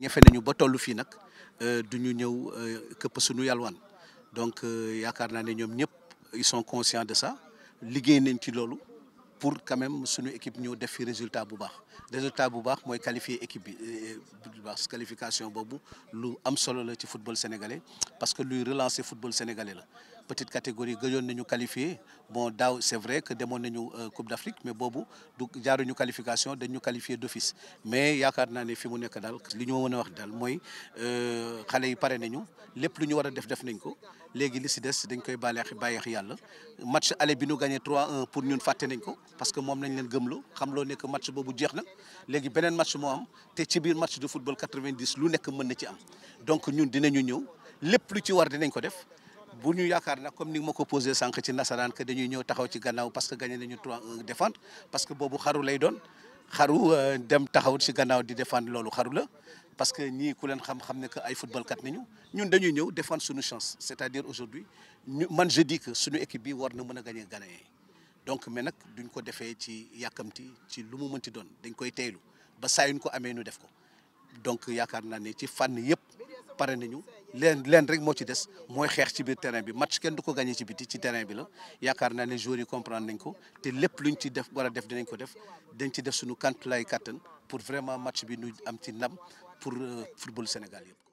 ñefe nañu ba toll fii nag euh, du ñu ñëw euh, këpp suñu yàlwaan donc euh, yaakaar naa ne ñoom ñëpp ils sont conscients de ça liggéey nañ ci loolu pour quand suñu équipe ñëw def fi résultat bu baax résultat bu baax mooy qualifier équipe bi baax qualification boobu lu am solo la ci football sénégalais parce que luy relancer football sénégalais la petite catégorie gëjoon nañu qualifié bon daaw c'est vrai que demoon nañu euh, Coupe d'Afrique mais boobu du jaaruñu qualification dañu qualifié d'office mais yaakaar naa ne fi mu nekk daal li ñu a daal mooy euh, xale yi pare nañu lépp lu ñu war a def def nañ ko léegi li si des dañ koy bàyyeex bàyyeex yàlla match aller bi ñu gagné 3-1 pour ñun fàtte nañ ko parce que moom nañ leen gëmloo xam loo nekk match boobu jeex na léegi beneen match moo am te ci biir match de football 90 lu nekk mën na ci am donc ñun dinañu ñëw lépp lu ci war dinañ ko def bu ñu yaakaar nag comme ni ma ko posé sànq ci nasaraan que dañuy ñëw taxaw ci gannaaw parce que gagné nañu 3-1 défendre parce que boobu xaru lay doon xaru euh, dem taxaw ci gannaaw di défendre loolu xaru la parce que ñii ku leen xam-xam ne que ay football kat nañu ñun dañuy ñëw défendre suñu chance c'est-à-dire aujourd'hui ñu man je dis que suñu équipe bi war na mën a gagné gagné donc mais nag duñ ko defee ci yàkkamti ci lu mu mënti doon dañ koy teylu ba saa yuñ ko amee ñu def ko donc yaakaar naa ne ci fànn yëpp pare nañu. leen leen rek moo ci des mooy xeex ci biir terrain bi match kenn du ko gagné ci biti ci terrain bi la yaakaar naa ne joueurs yi comprendre nañ ko te lépp luñ ci def war a def dinañ ko def dañ ci def suñu kant lay kattan pour vraiment match bi nu am ci nam pour euh, football Sénégal yëpp.